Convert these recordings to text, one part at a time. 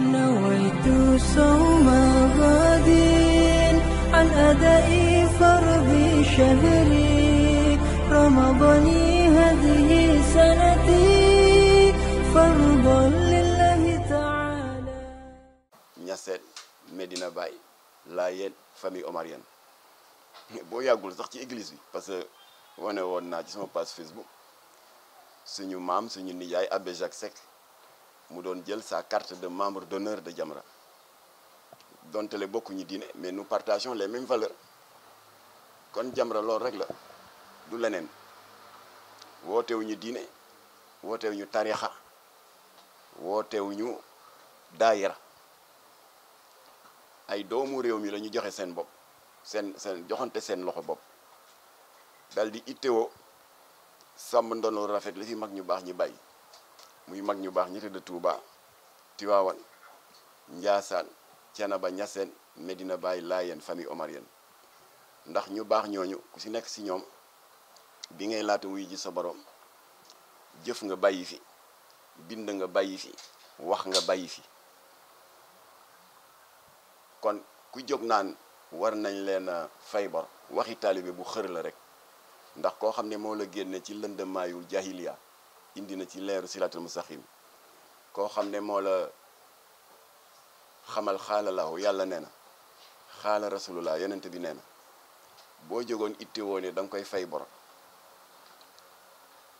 نويت صوم غد عن أداء فرض شهري رمضان هذه سنتي فرضا لله تعالى ñaseen Medina Baye Layeen famille omarienne boo yàggul sax ci église bi parce que wane woon naa ci sama page Facebook suñu maam suñu nijaay Abbé Jacques Seck mu doon jël sa carte de membre d'honneur de Jamra donte le bokkuñu diine mais nu partageons les mêmes valeurs kon Jamra loolu rek la du leneen wootewuñu diine ñu wootewuñu tarixa ñu daayira ay doomu réew mi la joxe seen bopp seen seen joxante seen loxo bopp dal di ittewoo sàmm ndono rafet la fi mag ñu baax ñu bàyyi muy mag ñu baax ñi tëdd Touba Tiwaawan Njaasaan ba Ñaseen Medina Baye Laayeen famille omarienne ndax ñu baax ñooñu ku ci nekk ci ñoom bi ngay laata wuy ji sa boroom jëf nga bàyyi fi bind nga bàyyi fi wax nga bàyyi fi kon ku jóg naan war nañ leen a fay bor waxi taalibe bu xër la rek ndax koo xam ne moo la génne ci lëndëmaayu jahiliya indi na ci leeru siraatul mustaqim koo xam ne moo la xamal xaala laaw yàlla nee na xaala rasulullah yenent bi nee na boo jógoon itte woo danga koy fay bor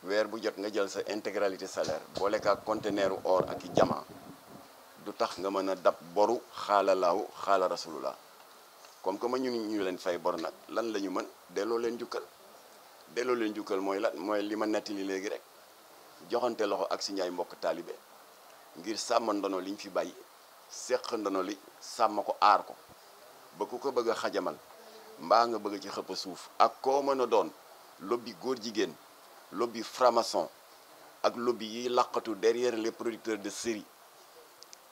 weer bu jot nga jël sa intégralité salaire boole ak conteneeru or ak i jamaa du tax nga mën a dab boru xaala laaw xaala rasulullah comme que ma ñu ñu leen fay bor nag lan la ñu mën delloo leen jukkal delloo leen jukkal mooy lan mooy li ma nettali léegi rek joxante loxo ak suñu ay mbokk taalibe ngir sàmm ndono liñ fi bàyyi seq ndono li sàmm ko aar ko ba ku ko bëgg a xajamal mbaa nga bëgg ci xëpp suuf ak koo mën a doon lobby góor jigéen lobby franc-maçon ak lobby yiy laqatu derrière les producteurs de série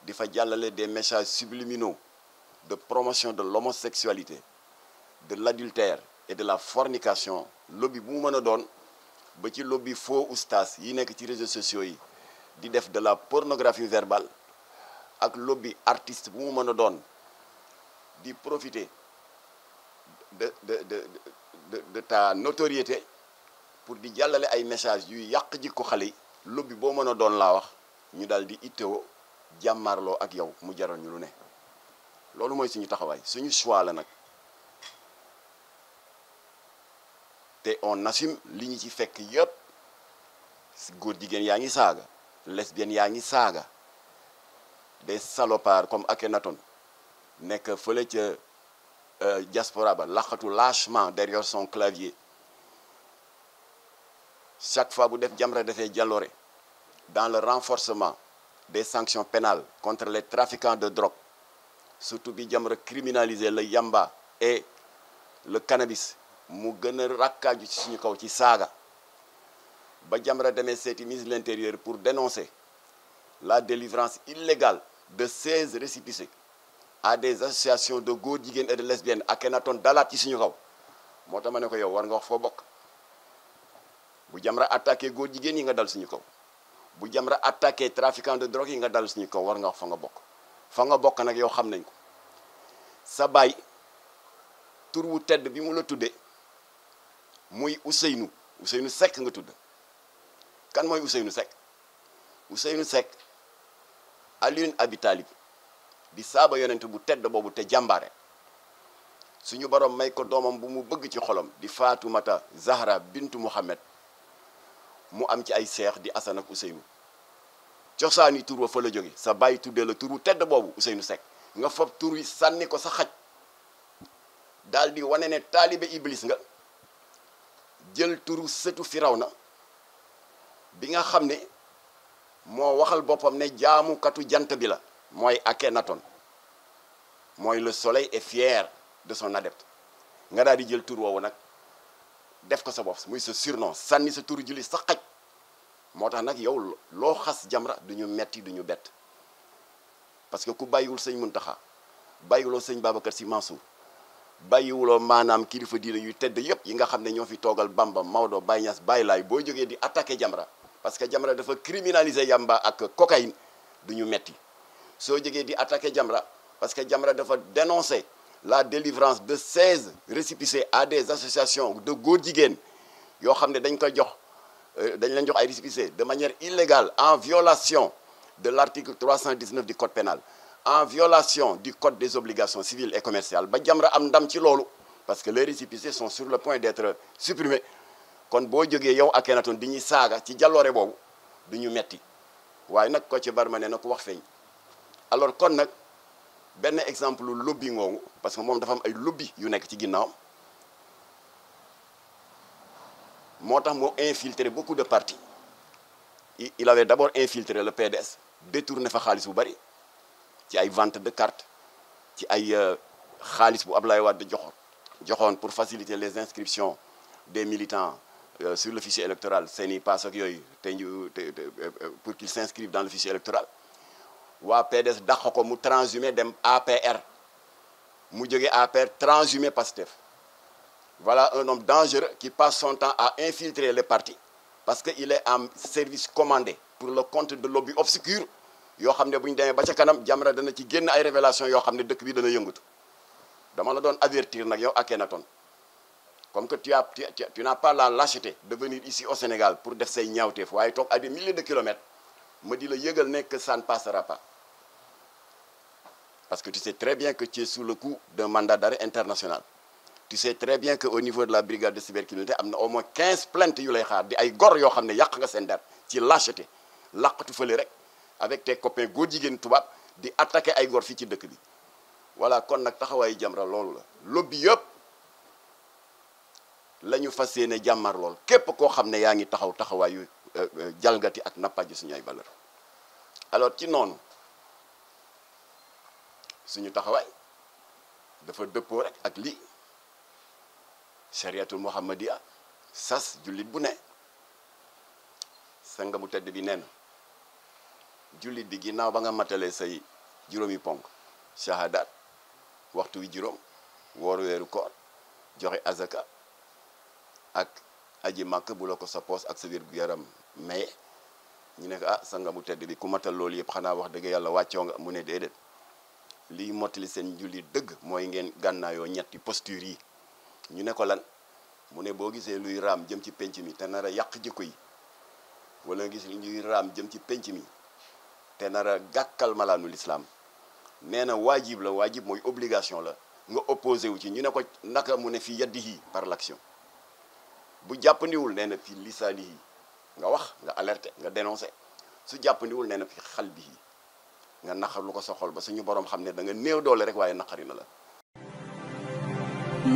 di fa jàllale des messages subliminaux de promotion de l'homosexualité de l'adultère et de la fornication lobby bu mu mën doon ba ci lobby foo oustas yi nekk ci réseaux sociaux yi di def de la pornographie verbale ak lobby artiste bu mu mën a doon di profiter de de de de ta notoriété pour di jàllale ay messages yuy yàq jikko xale yi. lobby boo mën a doon laa wax ñu daal di itteewoo jàmmaarloo ak yow mu jaral ñu lu ne loolu mooy suñu taxawaay suñu choix la nag. te on assume li ñu ci fekk yëpp góor jigéen yaa ngi saaga lesbienne yaa ngi saaga des salopards comme ak Akhenaton nekk fële ca euh, diaspora ba laqatu lâchement derrière son clavier chaque fois bu def Jamra defee jàlloore dans le renforcement des sanctions pénales contre les trafiquants de drop surtout bi Jamra criminaliser le yamba et le cannabis mu gën a rakkaaju ci suñu kaw ci saaga ba Jamra demee seeti ministre de l'intérieur pour dénoncer la délivrance illégale de 16 récépissés à des associations de góor jigéen et de lesbiennes Akhenaton dalaat ci suñu kaw moo tax ne ko yow war nga wax foo bokk bu Jamra attaqué góor jigéen yi nga dal suñu kaw bu Jamra attaqué trafiquant de drogue yi nga dal suñu kaw war nga wax fa nga bokk fa nga bokk nag yow xam nañ ko sa baay tur wu tedd bi mu la tuddee muy Ousseynou Ousseynou Seck nga tudd kan mooy Ousseynou Seck Ousseynou Seck Alioune Abi Talib di saaba yonent bu tedd boobu te jàmbaare suñu borom may ko doomam bu mu bëgg ci xolom di Faatumata Zahra bintu Muhammad mu am ci ay seex di Asan ak Ousseynou cosaani tur wa fa la jóge sa bàyyi tuddee la tur bu tedd boobu Ousseynou Seck nga fab tur yi sànni ko sa xaj dal di wane ne taalibe iblis nga jël turu sëtu na bi nga xam ne moo waxal boppam ne jaamukatu jant bi la mooy ak Akhenaton mooy le soleil est fier de son adepte nga daal di jël tur woowu nag def ko sa bopp muy sa surnom sànni sa turu julli sa xaj moo tax nag yow loo xas jamra du ñu metti du ñu bett parce que ku bàyyiwul sëñ Muntaxa bàyyiwuloo sëñ Babacar Si Mansour bàyyiwuloo maanaam kilifa diine yu tedd yëpp yi nga xam ne ñoo fi toogal Bamba Maodo Baye Niass Baye Laay boo jógee di attaqué Jamra parce que Jamra dafa criminaliser yamba ak cocaïne du ñu metti soo jógee di attaqué Jamra parce que Jamra dafa dénoncer la délivrance de 16 récépissés à des associations de góor jigéen yoo xam ne dañ koy jox euh, dañ lañ jox ay récépissés de manière illégale en violation de l'article 319 du code pénal en violation du code des obligations civiles et commerciales ba Jamra am ndam ci loolu parce que le récépissés sont sur le point d'être supprimés kon boo jogee yow ak Akhenaton di ñuy saaga ci jaloore boobu du ñu metti waaye nag ko ci barma ne na ko wax feeñ alors kon nag benn exemple lobby ngoogu parce que moom dafa am ay lobby yu nekk ci ginnaawam moo tax moo infiltré beaucoup de partis il avait d'abord infiltré le PDS détourné fa xaalis bu bari ci ay vente de cartes ci ay euh, xaalis bu Ablaye Wade jox joxoon pour faciliter les inscriptions des militants euh, sur le fichier électoral seen i paas ak yooyu te ñu euh, pour qu'ils s'inscrivent dans le fichier électoral waa PDS dàq ko mu transhumé dem APR mu jóge APR transhumé Pastef voilà un homme dangereux qui passe son temps à infiltrer les partis parce que il est en service commandé pour le compte de lobby obscur yoo xam ne bu ñu demee ba ca kanam Jamra dana ci génn ay révélation yoo xam ne dëkk bi dana yëngatu dama la doon avertir nag yow Akhenaton comme que tu as tu, tu, tu n'as pas la de venir ici au Sénégal pour def say ñaawteef waaye toog à des milliers de kilomètres ma di la yëgal ne que ça ne passera parce que tu sais très bien que tu es sous le coup d'un mandat d'arrêt international tu sais très bien que au niveau de la brigade de cybercriminalité am na au moins 15 plaintes yu lay xaar gor yoo xam ne yàq nga seen der ci lâcheté làqatu fële rek avec tes copains góor jigéen tubaab di attaquer ay gor fii ci dëkk bi voilà kon nag taxawaayu Jamra loolu la lobby yëpp la ñu fas yéene jàmmar lool képp koo xam ne yaa ngi taxaw taxawaayu euh, euh, jalgati ak nappaji suñu ay valeur alors ci noonu suñu taxawaay dafa dëppoo rek ak lii chariatul muhammadiya sas jullit bu ne sanga bu tedd bi neen jullit bi ginaaw ba nga matalee say juróomi ponk shahadaat waxtu wi juróom woor weeru koor joxe azaka ak aji màkk bu la ko sa poos ak sa wér bu yaram maye ñu ne ko ah sa nga bu tedd bi ku matal loolu yëpp xanaa wax dëgg yàlla wàccoo nga mu ne déedéet liy mottali seen jullit dëgg mooy ngeen gànnaayoo ñetti posture yi ñu ne ko lan mu ne boo gisee luy raam jëm ci penc mi te nar a yàq jikko yi wala gis luy raam jëm ci penc mi te nara a gàkkal malaanu lislaam nee na waajib la waajib mooy obligation la nga opposé wu ci ñu ne ko naka mu ne fii yaddihi par l'action bu jàppandiwul nee na fi lisaanihi nga wax nga alerté nga dénoncé su jàppandiwul nee na fi xalbihi nga naqar lu ko sa xol ba suñu boroom xam ne da néew doole rek waaye naqari na la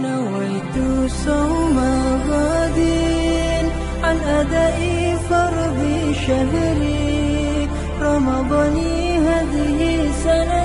nawaytu sawma gadin an adai fardi shahri رمضني هذه سنة